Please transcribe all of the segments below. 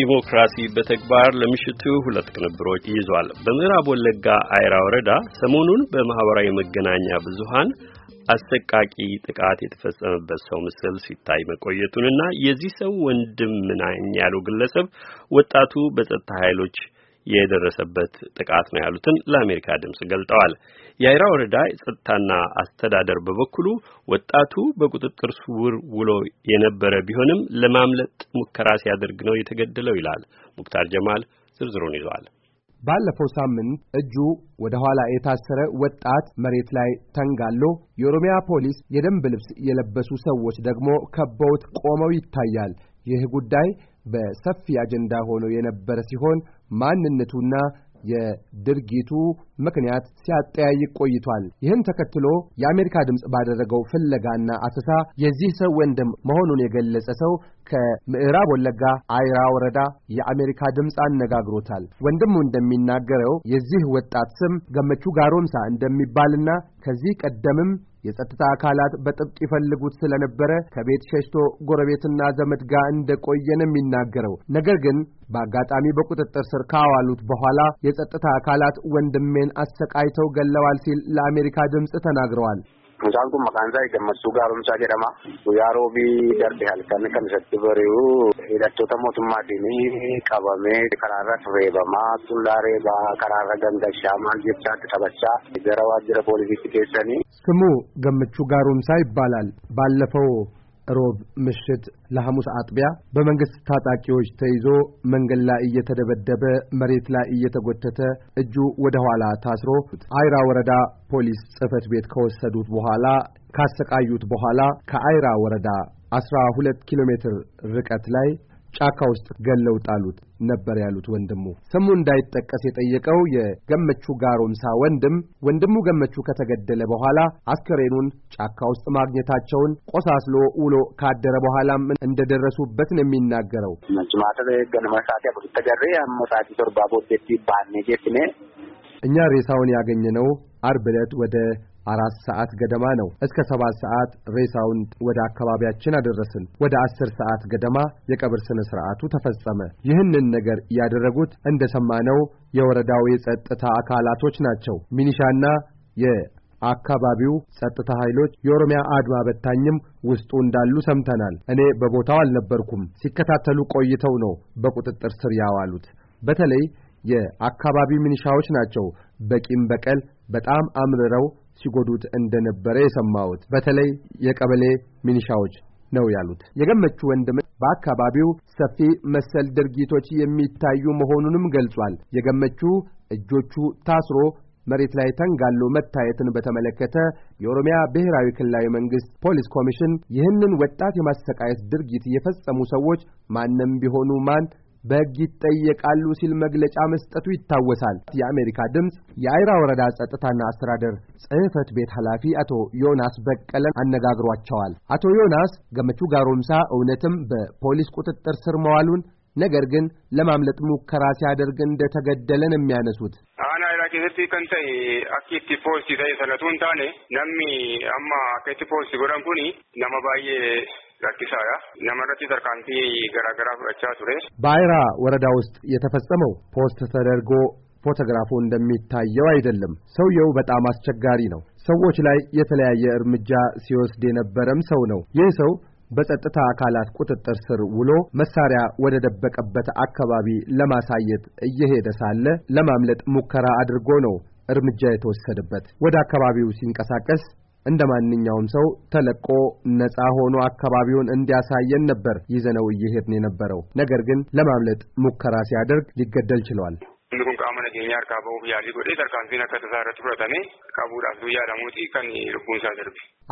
ዲሞክራሲ በተግባር ለምሽቱ ሁለት ቅንብሮች ይዟል። በምዕራብ ወለጋ አይራ ወረዳ ሰሞኑን በማህበራዊ መገናኛ ብዙሃን አሰቃቂ ጥቃት የተፈጸመበት ሰው ምስል ሲታይ መቆየቱንና የዚህ ሰው ወንድም ምናኝ ያለው ግለሰብ ወጣቱ በጸጥታ ኃይሎች የደረሰበት ጥቃት ነው ያሉትን ለአሜሪካ ድምጽ ገልጠዋል። የአይራ ወረዳ ጸጥታና አስተዳደር በበኩሉ ወጣቱ በቁጥጥር ስር ውሎ የነበረ ቢሆንም ለማምለጥ ሙከራ ሲያደርግ ነው የተገደለው ይላል። ሙክታር ጀማል ዝርዝሩን ይዟል። ባለፈው ሳምንት እጁ ወደ ኋላ የታሰረ ወጣት መሬት ላይ ተንጋሎ የኦሮሚያ ፖሊስ የደንብ ልብስ የለበሱ ሰዎች ደግሞ ከበውት ቆመው ይታያል። ይህ ጉዳይ በሰፊ አጀንዳ ሆኖ የነበረ ሲሆን ማንነቱና የድርጊቱ ምክንያት ሲያጠያይቅ ቆይቷል። ይህን ተከትሎ የአሜሪካ ድምፅ ባደረገው ፍለጋና አሰሳ የዚህ ሰው ወንድም መሆኑን የገለጸ ሰው ከምዕራብ ወለጋ አይራ ወረዳ የአሜሪካ ድምፅ አነጋግሮታል። ወንድሙ እንደሚናገረው የዚህ ወጣት ስም ገመቹ ጋሮምሳ እንደሚባልና ከዚህ ቀደምም የጸጥታ አካላት በጥብቅ ይፈልጉት ስለነበረ ከቤት ሸሽቶ ጎረቤትና ዘመድ ጋር እንደቆየ ነው የሚናገረው። ነገር ግን በአጋጣሚ በቁጥጥር ስር ካዋሉት በኋላ የጸጥታ አካላት ወንድሜን አሰቃይተው ገለዋል ሲል ለአሜሪካ ድምፅ ተናግረዋል። Isaan kun maqaan isaa Gammachuu gaarumsaa jedhama. Guyyaa roobii darbe halkan kan isatti bari'u hidhattoota mootummaatiin qabamee karaarra reebamaa, tullaa reebaa, karaarra gangashaa maal jechaatti taphachaa gara waajjira poolisiitti geessanii. Sumuu Gammachuu gaarumsaa ibbaalaal ባለፈው ሮብ ምሽት ለሐሙስ አጥቢያ በመንግሥት ታጣቂዎች ተይዞ መንገድ ላይ እየተደበደበ መሬት ላይ እየተጎተተ እጁ ወደ ኋላ ታስሮ አይራ ወረዳ ፖሊስ ጽሕፈት ቤት ከወሰዱት በኋላ ካሰቃዩት በኋላ ከአይራ ወረዳ 12 ኪሎ ሜትር ርቀት ላይ ጫካ ውስጥ ገለው ጣሉት። ነበር ያሉት ወንድሙ። ስሙ እንዳይጠቀስ የጠየቀው የገመቹ ጋሮምሳ ወንድም ወንድሙ ገመቹ ከተገደለ በኋላ አስከሬኑን ጫካ ውስጥ ማግኘታቸውን ቆሳስሎ ውሎ ካደረ በኋላም እንደደረሱበት ነው የሚናገረው። እኛ ሬሳውን ያገኘነው አርብ ዕለት ወደ አራት ሰዓት ገደማ ነው። እስከ ሰባት ሰዓት ሬሳውን ወደ አካባቢያችን አደረስን። ወደ አስር ሰዓት ገደማ የቀብር ስነ ስርዓቱ ተፈጸመ። ይህንን ነገር ያደረጉት እንደሰማነው የወረዳው የጸጥታ አካላቶች ናቸው። ሚኒሻና የአካባቢው ጸጥታ ኃይሎች፣ የኦሮሚያ አድማ በታኝም ውስጡ እንዳሉ ሰምተናል። እኔ በቦታው አልነበርኩም። ሲከታተሉ ቆይተው ነው በቁጥጥር ስር ያዋሉት። በተለይ የአካባቢ ሚኒሻዎች ናቸው በቂም በቀል በጣም አምርረው ሲጎዱት እንደነበረ የሰማሁት በተለይ የቀበሌ ሚኒሻዎች ነው ያሉት። የገመቹ ወንድም በአካባቢው ሰፊ መሰል ድርጊቶች የሚታዩ መሆኑንም ገልጿል። የገመቹ እጆቹ ታስሮ መሬት ላይ ተንጋሎ መታየትን በተመለከተ የኦሮሚያ ብሔራዊ ክልላዊ መንግስት ፖሊስ ኮሚሽን ይህንን ወጣት የማሰቃየት ድርጊት የፈጸሙ ሰዎች ማንም ቢሆኑ ማን በሕግ ይጠየቃሉ ሲል መግለጫ መስጠቱ ይታወሳል። የአሜሪካ ድምፅ የአይራ ወረዳ ጸጥታና አስተዳደር ጽሕፈት ቤት ኃላፊ አቶ ዮናስ በቀለን አነጋግሯቸዋል። አቶ ዮናስ ገመቹ ጋሮምሳ እውነትም በፖሊስ ቁጥጥር ስር መዋሉን ነገር ግን ለማምለጥ ሙከራ ሲያደርግ እንደተገደለን የሚያነሱት keessatti kan ta'e akki itti poostii በአይራ ወረዳ ውስጥ የተፈጸመው ፖስት ተደርጎ ፎቶግራፉ እንደሚታየው አይደለም። ሰውየው በጣም አስቸጋሪ ነው። ሰዎች ላይ የተለያየ እርምጃ ሲወስድ የነበረም ሰው ነው። ይህ ሰው በጸጥታ አካላት ቁጥጥር ስር ውሎ መሳሪያ ወደ ደበቀበት አካባቢ ለማሳየት እየሄደ ሳለ ለማምለጥ ሙከራ አድርጎ ነው እርምጃ የተወሰደበት። ወደ አካባቢው ሲንቀሳቀስ እንደ ማንኛውም ሰው ተለቆ ነጻ ሆኖ አካባቢውን እንዲያሳየን ነበር ይዘነው እየሄድን የነበረው። ነገር ግን ለማምለጥ ሙከራ ሲያደርግ ሊገደል ችሏል።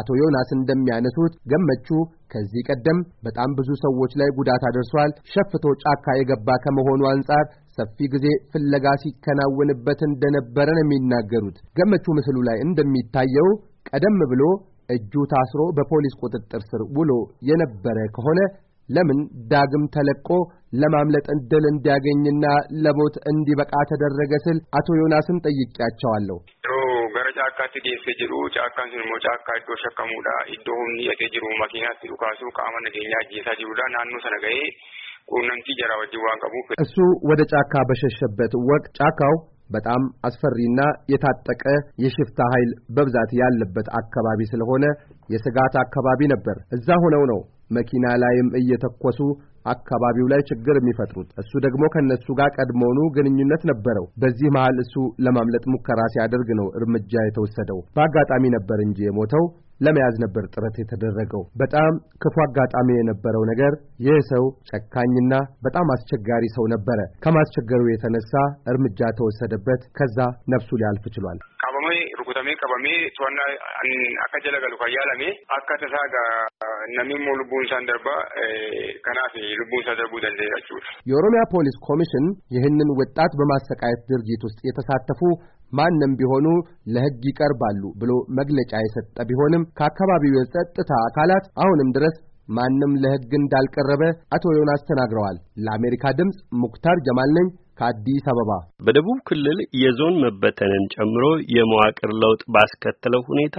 አቶ ዮናስ እንደሚያነሱት ገመቹ ከዚህ ቀደም በጣም ብዙ ሰዎች ላይ ጉዳት አደርሷል። ሸፍቶ ጫካ የገባ ከመሆኑ አንጻር ሰፊ ጊዜ ፍለጋ ሲከናወንበት እንደነበረ ነው የሚናገሩት። ገመቹ ምስሉ ላይ እንደሚታየው ቀደም ብሎ እጁ ታስሮ በፖሊስ ቁጥጥር ስር ውሎ የነበረ ከሆነ ለምን ዳግም ተለቆ ለማምለጥ እድል እንዲያገኝና ለሞት እንዲበቃ ተደረገ ስል አቶ ዮናስን ጠይቄያቸዋለሁ። ጫካት ዴሴ ጅሩ ጫካን ስንሞ ጫካ ኢዶ ሸከሙዳ ኢዶ ሁኒ ጅሩ መኪና ሲሉ ካሱ ቃመ ነገኛ ጄሳ ጅሩዳ ናኑ ሰነገዬ ቁነንቲ ጀራ ወጅ ዋንቀቡ እሱ ወደ ጫካ በሸሸበት ወቅት ጫካው በጣም አስፈሪና የታጠቀ የሽፍታ ኃይል በብዛት ያለበት አካባቢ ስለሆነ የስጋት አካባቢ ነበር። እዛ ሆነው ነው መኪና ላይም እየተኮሱ አካባቢው ላይ ችግር የሚፈጥሩት። እሱ ደግሞ ከነሱ ጋር ቀድሞውኑ ግንኙነት ነበረው። በዚህ መሃል እሱ ለማምለጥ ሙከራ ሲያደርግ ነው እርምጃ የተወሰደው። በአጋጣሚ ነበር እንጂ የሞተው ለመያዝ ነበር ጥረት የተደረገው። በጣም ክፉ አጋጣሚ የነበረው ነገር ይህ ሰው ጨካኝና በጣም አስቸጋሪ ሰው ነበረ። ከማስቸገሩ የተነሳ እርምጃ ተወሰደበት። ከዛ ነፍሱ ሊያልፍ ችሏል። ቀበሜ ከያለሜ ደርባ ልቡንሳ ደርቡ የኦሮሚያ ፖሊስ ኮሚሽን ይህንን ወጣት በማሰቃየት ድርጊት ውስጥ የተሳተፉ ማንም ቢሆኑ ለሕግ ይቀርባሉ ብሎ መግለጫ የሰጠ ቢሆንም ከአካባቢው የጸጥታ አካላት አሁንም ድረስ ማንም ለሕግ እንዳልቀረበ አቶ ዮናስ ተናግረዋል። ለአሜሪካ ድምፅ ሙክታር ጀማል ነኝ ከአዲስ አበባ። በደቡብ ክልል የዞን መበተንን ጨምሮ የመዋቅር ለውጥ ባስከተለው ሁኔታ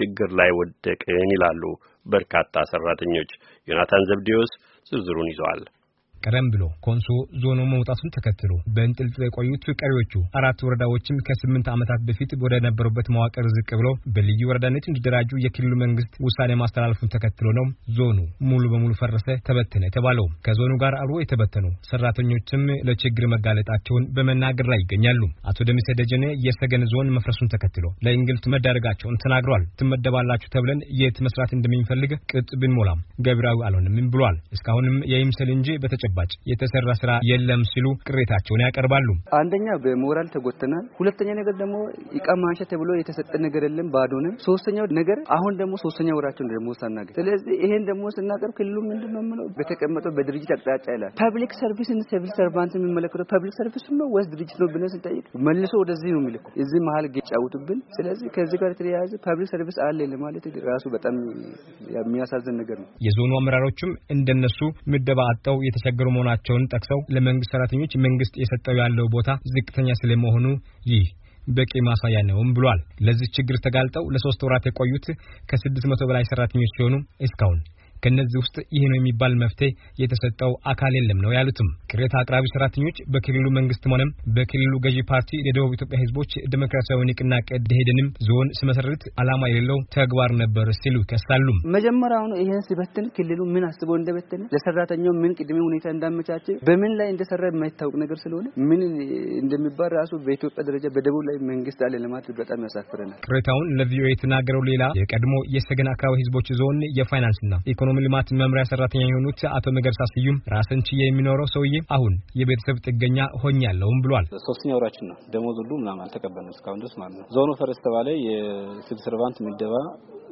ችግር ላይ ወደቅን ይላሉ በርካታ ሰራተኞች። ዮናታን ዘብዴዎስ ዝርዝሩን ይዘዋል። ቀደም ብሎ ኮንሶ ዞኖ መውጣቱን ተከትሎ በእንጥልጥል የቆዩት ቀሪዎቹ አራት ወረዳዎችም ከስምንት ዓመታት በፊት ወደ ነበሩበት መዋቅር ዝቅ ብሎ በልዩ ወረዳነት እንዲደራጁ የክልሉ መንግስት ውሳኔ ማስተላለፉን ተከትሎ ነው ዞኑ ሙሉ በሙሉ ፈረሰ፣ ተበተነ የተባለው። ከዞኑ ጋር አብሮ የተበተኑ ሰራተኞችም ለችግር መጋለጣቸውን በመናገር ላይ ይገኛሉ። አቶ ደሚሰ ደጀነ የሰገን ዞን መፍረሱን ተከትሎ ለእንግልት መዳረጋቸውን ተናግሯል። ትመደባላችሁ ተብለን የት መስራት እንደሚፈልግ ቅጥ ብንሞላም ገቢራዊ አልሆንም ብሏል። እስካሁንም የይምሰል እንጂ በተጨ በተጨባጭ የተሰራ ስራ የለም ሲሉ ቅሬታቸውን ያቀርባሉ። አንደኛ በሞራል ተጎትተናል። ሁለተኛ ነገር ደግሞ እቃ ማንሻ ተብሎ የተሰጠ ነገር የለም፣ ባዶንም። ሶስተኛው ነገር አሁን ደግሞ ሶስተኛ ወራቸውን ደግሞ ሳናገኝ፣ ስለዚህ ይሄን ደግሞ ስናቀርብ ክልሉ ምንድን ነው የምለው በተቀመጠው በድርጅት አቅጣጫ ይላል። ፐብሊክ ሰርቪስን ሲቪል ሰርቫንት የሚመለከተው ፐብሊክ ሰርቪስ ነው ወይስ ድርጅት ነው ብለን ስንጠይቅ መልሶ ወደዚህ ነው የሚልኩ እዚህ መሀል ጫውቱብን። ስለዚህ ከዚህ ጋር የተያያዘ ፐብሊክ ሰርቪስ አለ ለማለት ራሱ በጣም የሚያሳዝን ነገር ነው። የዞኑ አመራሮችም እንደነሱ ምደባ አጥተው የተቸገሩ እየተቸገሩ መሆናቸውን ጠቅሰው ለመንግስት ሰራተኞች መንግስት የሰጠው ያለው ቦታ ዝቅተኛ ስለመሆኑ ይህ በቂ ማሳያ ነውም ብሏል። ለዚህ ችግር ተጋልጠው ለሶስት ወራት የቆዩት ከስድስት መቶ በላይ ሰራተኞች ሲሆኑ እስካሁን ከነዚህ ውስጥ ይህ ነው የሚባል መፍትሄ የተሰጠው አካል የለም ነው ያሉትም። ቅሬታ አቅራቢ ሰራተኞች በክልሉ መንግስትም ሆነም በክልሉ ገዢ ፓርቲ ለደቡብ ኢትዮጵያ ህዝቦች ዲሞክራሲያዊ ንቅናቄ ደኢህዴንም ዞን ስመሰረት አላማ የሌለው ተግባር ነበር ሲሉ ይከሳሉ። መጀመሪያውኑ ይህን ሲበትን ክልሉ ምን አስቦ እንደበተነ ለሰራተኛው ምን ቅድሜ ሁኔታ እንዳመቻቸ በምን ላይ እንደሰራ የማይታወቅ ነገር ስለሆነ ምን እንደሚባል ራሱ በኢትዮጵያ ደረጃ በደቡብ ላይ መንግስት አለ ለማድረግ በጣም ያሳፍረናል። ቅሬታውን ለቪኦኤ የተናገረው ሌላ የቀድሞ የሰገን አካባቢ ህዝቦች ዞን የፋይናንስና ኢኮኖሚ የኢኮኖሚ ልማት መምሪያ ሰራተኛ የሆኑት አቶ መገርሳ ስዩም ራስን ችዬ የሚኖረው ሰውዬ አሁን የቤተሰብ ጥገኛ ሆኛለሁም ብሏል። ሶስተኛ ወራችን ነው። ደሞዝ ሁሉ ምናምን አልተቀበልንም እስካሁን ድረስ ማለት ነው። ዞኑ ፈረስ ተባለ የሲቪል ሰርቫንት ምደባ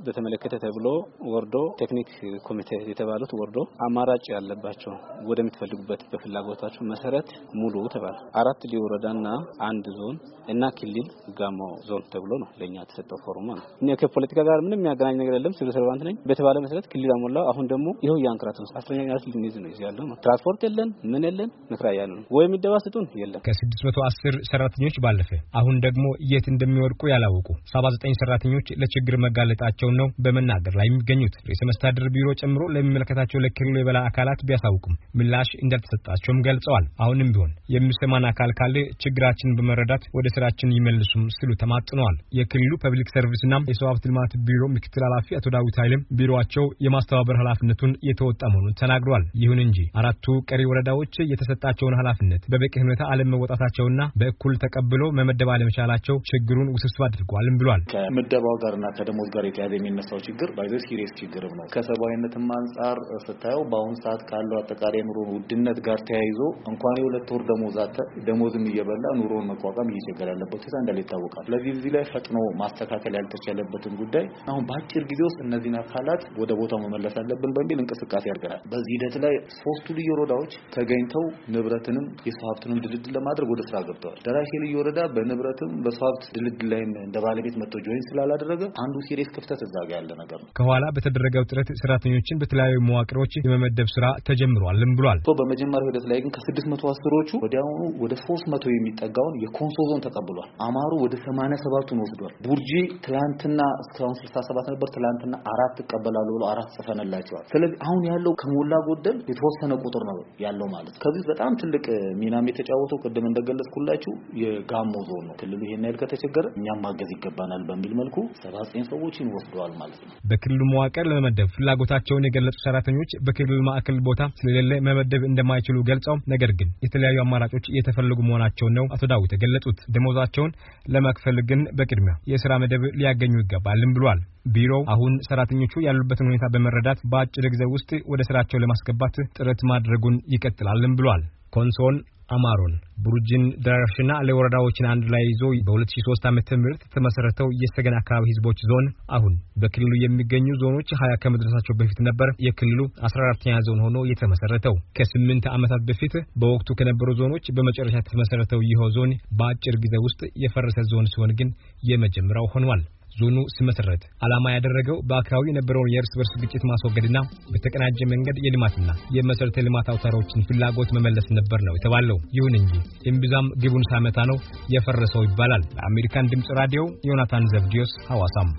በተመለከተ ተብሎ ወርዶ ቴክኒክ ኮሚቴ የተባሉት ወርዶ አማራጭ ያለባቸው ወደምትፈልጉበት በፍላጎታቸው መሰረት ሙሉ ተባለ። አራት ልዩ ወረዳና አንድ ዞን እና ክልል ጋሞ ዞን ተብሎ ነው ለእኛ የተሰጠው ፎርማ ነው። ከፖለቲካ ጋር ምንም የሚያገናኝ ነገር የለም። ሲቪል ሰርቫንት ነኝ በተባለ መሰረት ክልል አሞላው። አሁን ደግሞ ይኸው የአንክራት ነው አስረኛ ራት ልንይዝ ነው ይዘ ነው። ትራንስፖርት የለን ምን የለን ምክራ ያለ ነው ወይ የሚደባ ስጡን የለን። ከስድስት መቶ አስር ሰራተኞች ባለፈ አሁን ደግሞ የት እንደሚወድቁ ያላወቁ ሰባ ዘጠኝ ሰራተኞች ለችግር መጋለጣቸው መሆናቸውን ነው በመናገር ላይ የሚገኙት። ርዕሰ መስተዳድር ቢሮ ጨምሮ ለሚመለከታቸው ለክልሉ የበላይ አካላት ቢያሳውቁም ምላሽ እንዳልተሰጣቸውም ገልጸዋል። አሁንም ቢሆን የሚሰማን አካል ካለ ችግራችንን በመረዳት ወደ ስራችን ይመልሱም ሲሉ ተማጥነዋል። የክልሉ ፐብሊክ ሰርቪስና የሰው ሀብት ልማት ቢሮ ምክትል ኃላፊ አቶ ዳዊት ኃይልም ቢሮቸው የማስተባበር ኃላፊነቱን የተወጣ መሆኑን ተናግሯል። ይሁን እንጂ አራቱ ቀሪ ወረዳዎች የተሰጣቸውን ኃላፊነት በበቂ ሁኔታ አለመወጣታቸውና በእኩል ተቀብሎ መመደብ አለመቻላቸው ችግሩን ውስብስብ አድርጓልም ብሏል። ከምደባው ጋርና ከደሞዝ ጋር የተያዘ ጊዜ የሚነሳው ችግር ባይዘ ሲሪየስ ችግርም ነው። ከሰብአዊነትም አንጻር ስታየው በአሁኑ ሰዓት ካለው አጠቃላይ ኑሮ ውድነት ጋር ተያይዞ እንኳን የሁለት ወር ደሞዝም እየበላ ኑሮን መቋቋም እየቸገር ያለበት ሁኔታ እንዳለ ይታወቃል። ስለዚህ እዚህ ላይ ፈጥኖ ማስተካከል ያልተቻለበትን ጉዳይ አሁን በአጭር ጊዜ ውስጥ እነዚህን አካላት ወደ ቦታው መመለስ አለብን በሚል እንቅስቃሴ ያደርገናል። በዚህ ሂደት ላይ ሶስቱ ልዩ ወረዳዎች ተገኝተው ንብረትንም የሰው ሀብትንም ድልድል ለማድረግ ወደ ስራ ገብተዋል። ደራሼ ልዩ ወረዳ በንብረትም በሰው ሀብት ድልድል ላይ እንደ ባለቤት መጥቶ ጆይን ስላላደረገ አንዱ ሲሪየስ ክፍተት እዛ ጋር ያለ ነገር ነው። ከኋላ በተደረገው ጥረት ሰራተኞችን በተለያዩ መዋቅሮች የመመደብ ስራ ተጀምሯልም ብሏል። በመጀመሪያ ሂደት ላይ ግን ከስድስት መቶ አስሮቹ ወዲያውኑ ወደ ሶስት መቶ የሚጠጋውን የኮንሶ ዞን ተቀብሏል። አማሩ ወደ ሰማንያ ሰባቱን ወስዷል። ቡርጂ ትላንትና እስካሁን ስልሳ ሰባት ነበር። ትላንትና አራት ይቀበላሉ ብሎ አራት ጽፈንላቸዋል። ስለዚህ አሁን ያለው ከሞላ ጎደል የተወሰነ ቁጥር ነው ያለው ማለት ከዚህ በጣም ትልቅ ሚናም የተጫወተው ቅድም እንደገለጽኩላችሁ የጋሞ ዞን ነው። ክልሉ ይሄን ያህል ከተቸገረ እኛም ማገዝ ይገባናል በሚል መልኩ ሰባ ዘጠኝ ሰዎችን ወስዷል። ተገደዋል ማለት ነው። በክልሉ መዋቅር ለመመደብ ፍላጎታቸውን የገለጹ ሰራተኞች በክልሉ ማዕከል ቦታ ስለሌለ መመደብ እንደማይችሉ ገልጸው ነገር ግን የተለያዩ አማራጮች እየተፈለጉ መሆናቸውን ነው አቶ ዳዊት የገለጹት። ደሞዛቸውን ለመክፈል ግን በቅድሚያ የስራ መደብ ሊያገኙ ይገባልም ብሏል። ቢሮው አሁን ሰራተኞቹ ያሉበትን ሁኔታ በመረዳት በአጭር ጊዜ ውስጥ ወደ ስራቸው ለማስገባት ጥረት ማድረጉን ይቀጥላልም ብሏል። ኮንሶን፣ አማሮን፣ ቡርጅን፣ አሌ ወረዳዎችን አንድ ላይ ይዞ በ2003 ዓመተ ምህረት የተመሰረተው የሰገን አካባቢ ህዝቦች ዞን አሁን በክልሉ የሚገኙ ዞኖች ሀያ ከመድረሳቸው በፊት ነበር የክልሉ 14ኛ ዞን ሆኖ የተመሰረተው። ከስምንት ዓመታት በፊት በወቅቱ ከነበሩ ዞኖች በመጨረሻ የተመሰረተው ይኸው ዞን በአጭር ጊዜ ውስጥ የፈረሰ ዞን ሲሆን ግን የመጀመሪያው ሆኗል። ዞኑ ሲመሰረት ዓላማ ያደረገው በአካባቢው የነበረውን የእርስ በርስ ግጭት ማስወገድና በተቀናጀ መንገድ የልማትና የመሰረተ ልማት አውታሮችን ፍላጎት መመለስ ነበር ነው የተባለው። ይሁን እንጂ እምብዛም ግቡን ሳመታ ነው የፈረሰው ይባላል። ለአሜሪካን ድምፅ ራዲዮ ዮናታን ዘብዲዮስ ሐዋሳም